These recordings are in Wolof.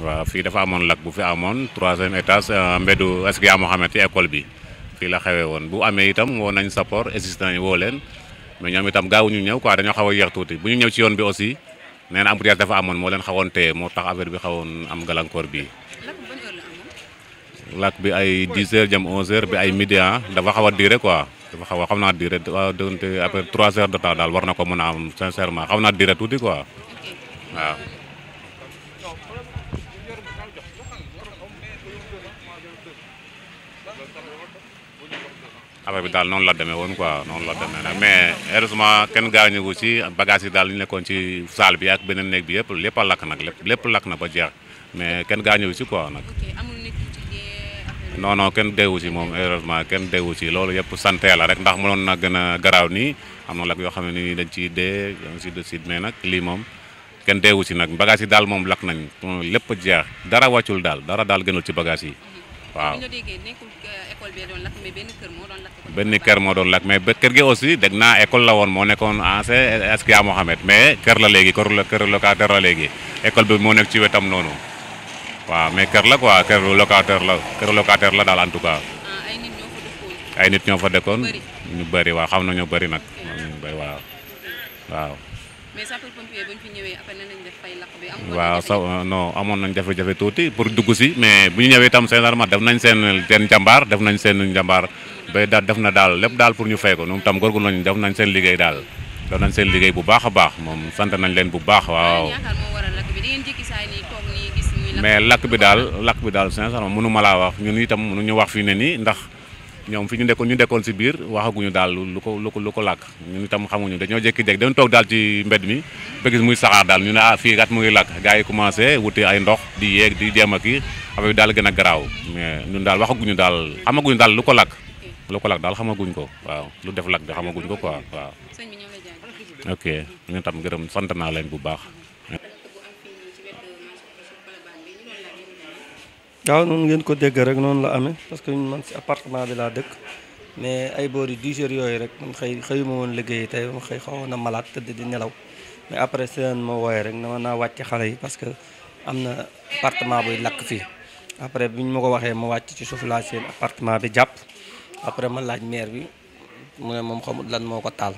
wa fi dafa amone lak bu fi amoon troisième étage euh, mbedu Askia Mohamed ci école bi fi la xewé won bu amé itam wo nañ support existé wo len mais ñom itam gaawu ñu ñew quoi dañu xawa a yéex bu ñu ñew ci yoon bi aussi nee na embouteillage dafa amone mo len xawoon té mo tax affaire bi xawoon am galancor bi lak bi ay 10 h jam 11 h bi ay midi ha ah, dafa xawa diré quoi dafa xawa a diré naa euh, après 3 h de temps dal war na ko mëna am sincèrement xaw diré duré quoi waaw affaire bi daal noonu la demee woon quoi noonu la demee nag mais heureusement kenn gaañu ko ci bagage yi daal li nekkoon ci salle bi ak beneen néeg bi yëpp lépp a lakk nag lépp lépp lakk na ba jeex mais kenn gaañu ci quoi nag. non non kenn deewu ci moom heureusement kenn deewu ci loolu yëpp sant la rek ndax mënoon na gën a garaaw nii am na lakk yoo xam nii dañ ciy dee ainsi de suite mais nag lii moom kenn deewu ci nag bagage yi daal moom lakk nañ lépp jeex dar wàccul daal dara daal gënul ci bagage yi. waaw bi ñu déggee euh, doon lakk mais benn kër moo doon lakk. mais ba kër gi aussi dégg naa école la woon moo nekkoon ancien Askia Mohamed mais ker la léegi kër la kër locataire la léegi école bi moo nekk ci wetam noonu waaw mais kër la quoi kër locataire la kër locataire la daal en tout cas. Ah, ay nit ñoo fa dekoon ñu bëri waaw xam na ñu bari nag. ñu waaw. waaw sa euh, no amoon nañ jafe-jafe tuuti pour dugg si mais bu ñu ñëwee itam seen armat def nañ seen seen jàmbaar def nañ seen jàmbaar ba daal def na daal lépp daal pour ñu fay tam góorgóorlu nañ def nañ seen liggéey daal def nañ seen liggéey bu baax a baax moom sante nañ leen bu baax waaw. mais lakk bi daal lakk bi daal sincèrement mënu ma laa wax ñun itam mënuñu wax fii ne nii ndax ñoom fi ñu nekkoon ñu nekkoon si biir waxaguñu daal lu ko lu ko lu ko làkk ñun itam xamuñu dañoo jékki-jékki dañu toog daal ci mbedd mi ba gis muy saxaar daal ñu ne ah fii kat mu ngi làkk gaa yi commencé wuti ay ndox di yeeg di jéem a kii affaire bi daal gën a garaaw mais ñun daal waxaguñu daal xamaguñu daal lu ko lakk lu ko làkk daal xamaguñ ko waaw lu def làkk bi xamaguñ ko ko waaw ok ñun tam gërëm sant naa leen bu baax waaw noonu ngeen ko dégg rek noonu la amee parce que man si appartement bi laa dëkk mais ay boori 10 heures yooyu rek man xëy xëyuma woon liggéey tey xëy xawoon na malaat tëdd di nelaw mais après seen ma wooye rek na ma naa wàcc xale yi parce que am na appartement buy lakk fi après bi ñu ma ko waxee ma wàcce ci suuf laa seen appartement bi jàpp après ma laaj maire bi mu ne moom xamut lan moo ko taal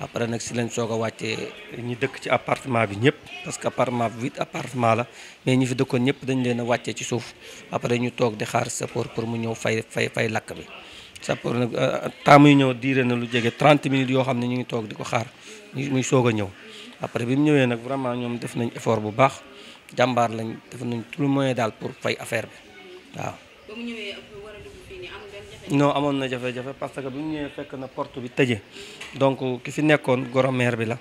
après nag si lañ soog a wàccee ñi dëkk ci appartement bi ñëpp parce que appartement bi huit appartement la mais ñu fi dëkkoon ñëpp dañ leen a wàccee ci suuf après ñu toog di xaar sapeur pour mu ñëw fay fay fay lakk bi sapeur nag euh, temps yu ñëw diire na lu jege 30 minutes yoo xam ne ñu ngi toog di ko xaar muy soog a ñëw après bi mu ñëwee nag vraiment ñoom def nañ effort bu baax jàmbaar lañ def nañ tout le moyen daal pour fay affaire bi waaw non amoon na jafe-jafe parce que bi ñu ñëwee fekk na porte bi tëje donc ki fi nekkoon goro bi la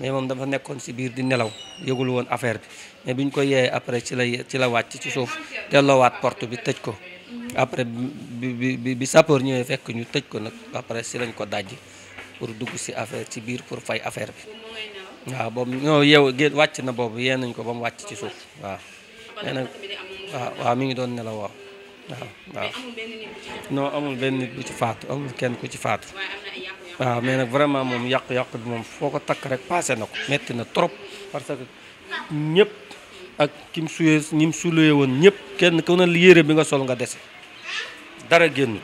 mais moom dafa nekkoon si biir di nelaw yëgul woon affaire bi mais bi ñu ko yeeyee après ci la ci la wàcc ci suuf delloowaat porte bi tëj ko après bi bi bi ñëwee fekk ñu tëj ko nag après si lañ ko dajji pour dugg si affaire ci biir pour fay affaire bi waaw boobu ñoo yeew wàcc na boobu yee nañ ko ba mu wàcc ci suuf waaw. mais mi ngi doon nelaw waaw No, non amul ben nit bu ci faatu amul kenn ku ci faatu waaw mais nak vraiment mom yak yak mom foko tak rek passé nako metti na trop parce que ñëpp ak kim suyee ñim suyee won ñëpp kenn ko na yére bi nga sol nga dese dara génn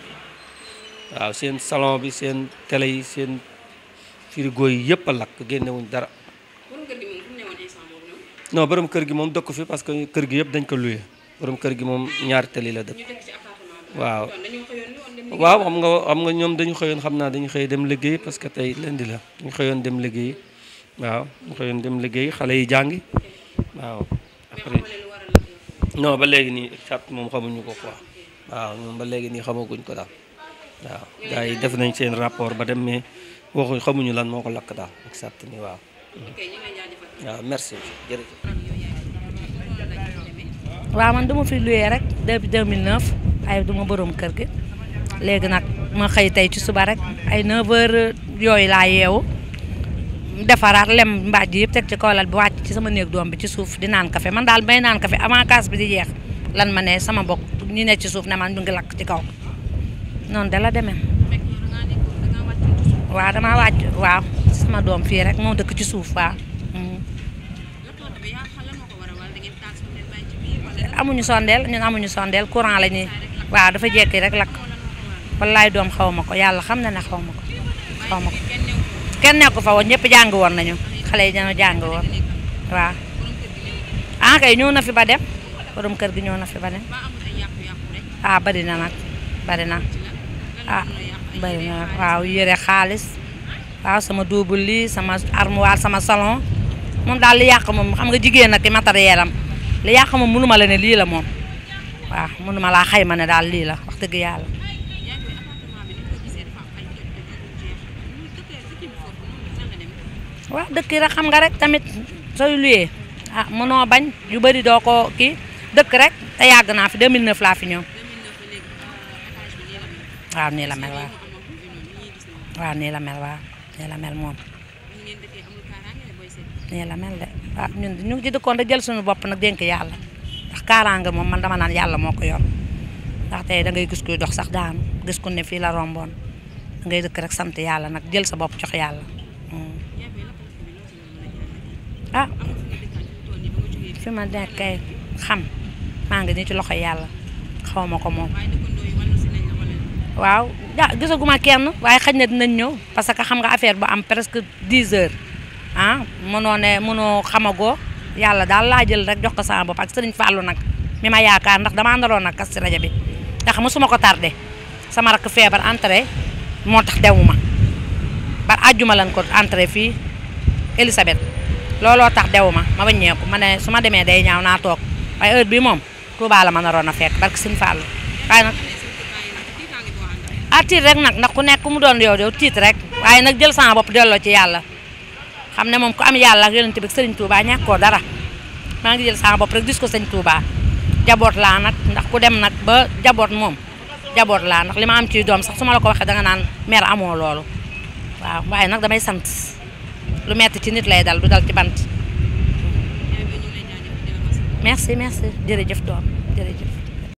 waaw seen salon bi seen télé yi seen frigo yi yëpp lak lakk génnewuñ dara non borom kër gi mom dëkk fi parce que kër gi yëpp dañ ko louer borom kër gi moom ñaari tali la dëkk waaw waaw xam nga xam nga ñoom dañu xëyoon xam naa dañu xëy dem liggéey parce que tey di la dañu xëyoon dem liggéey waaw dañu xëyoon dem liggéey xale yi jàngi waaw après ba léegi nii moom xamuñu ko ko waaw ñoom ba léegi nii xamaguñ ko daal waaw gars def nañ seen rapport ba dem mais waxuñ xamuñu lan moo ko lakk daal exact nii waaw waaw man dama fi luyee rek depuis 2009 ay duma borom kër gi léegi nag ma xëy tey ci suba rek ay 9 heures yooyu laa yeewu defaraat lem mbaaj yëpp teg ci kaw lal bi wàcc ci sama néeg doom bi ci suuf di naan kafe man daal may naan kafe avant kaas bi di jeex lan ma ne sama bokk ñi ne ci suuf ne man ñu ngi lakk ci kaw noonu dala la demee. waaw damaa wàcc waaw sama doom fii rek moo dëkk ci suuf waaw. amuñu sondel ñun amuñu sondel courant la wa dafa jekki rek lak wallahi doom xawmako yalla xamna na xawmako xawmako ma kenn fa won ñepp jang won nañu xalé yi dañoo jàng woon ah kay ñu na fi ba dem borom kër gi ñu na fi ba dem ah bari na nak bari na ah bari na nag waaw yére xaalis sama double li sama armoire sama salon mom dal li yàq xam nga nak matériel la yaa xama mënuma la ne li la moom waaw mënuma la xayma mané dal li la wax deug yalla wa deuk rek xam nga rek tamit soy luyé ah mëno bañ yu bari do ko ki deuk rek ta yag na fi 2009 la fi ñëw wa ni la mel wa wa ni la mel wa ni la mel ni la mel de ah ñun ñu ci dëkkoon rek jël suñu bopp nag dénk yàlla ndax moom man dama naan yàlla moo ko yor ndax tey da ngay gis kuy dox sax daanu gis ku ne fii la romboon ngay dëkk rek sant yàlla nag jël sa bopp jox yàlla. Hmm. ah fi ma nekk kay xam maa ngi nii ci loxo yàlla xaw ma ko moom. waaw ah gisaguma kenn waaye xaj na dinañ ñëw parce que xam nga affaire bu am presque 10 heures. Ah, mono ne mono xamago yalla dal la jël rek jox ko sama bop ak serigne fallu nak mi ma yaakaar ndax dama àndaloon nak kas ci rajo bi ndax musuma ko tardé sama rak fièvre entrée motax tax dewuma ba lan ko entrée fi Elisabeth lolo tax dewuma ma ma ne su ma day ñaaw na tok ay heure bi mom Touba la ma naroon fekk ah, rek nak nak ku nekk mu doon yow yow tit rek waye nak jël sama bop delo ci yalla xam ne moom ku am yàlla ak yonent bi ak sëriñ Touba ñàkkoo dara maa ngi jël sama bopp rek gis ko sëñ Touba jaboot laa nag ndax ku dem nag ba jaboot moom jaboot laa ndax li ma am ci doom sax su ma la ko waxee danga naan mer amoo loolu waaw waaye nag damay sant lu metti ci nit lay dal du dal ci bant merci merci jërëjëf doom jërëjëf